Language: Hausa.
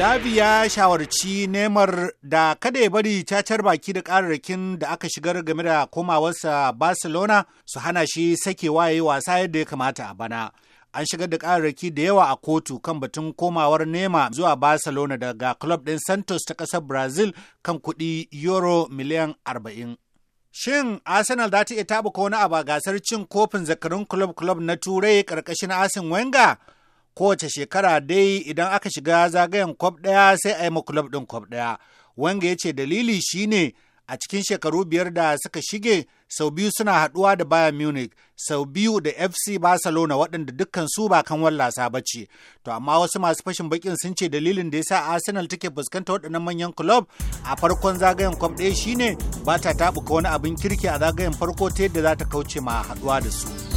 Zabi ya shawarci Neymar da kada ya bari cacar baki da kararrakin da aka shigar game da komawarsa Barcelona su hana shi sakewa ya wasa yadda ya kamata a bana. An shigar da kararraki da yawa a kotu kan batun komawar Neymar zuwa Barcelona daga club ɗin Santos ta ƙasar Brazil kan kuɗi Euro miliyan 40. Shin Arsenal za ta iya taɓuka wani abu a gasar cin kofin zakarun club-club na Turai ƙarƙashin Asin Wenger? kowace shekara dai idan aka shiga zagayen kwab ɗaya sai a yi ma kulob ɗin kwab ɗaya wanga ya ce dalili shine a cikin shekaru biyar da suka shige sau biyu suna haɗuwa da Bayern Munich, sau biyu da FC Barcelona waɗanda dukkan su ba kan wallasa ba ce. To amma wasu masu fashin bakin sun ce dalilin da ya yasa Arsenal take fuskanta waɗannan manyan club a farkon zagayen kwab ɗaya shine ba ta taɓuka wani abin kirki a zagayen farko ta yadda za ta kauce ma haɗuwa da su.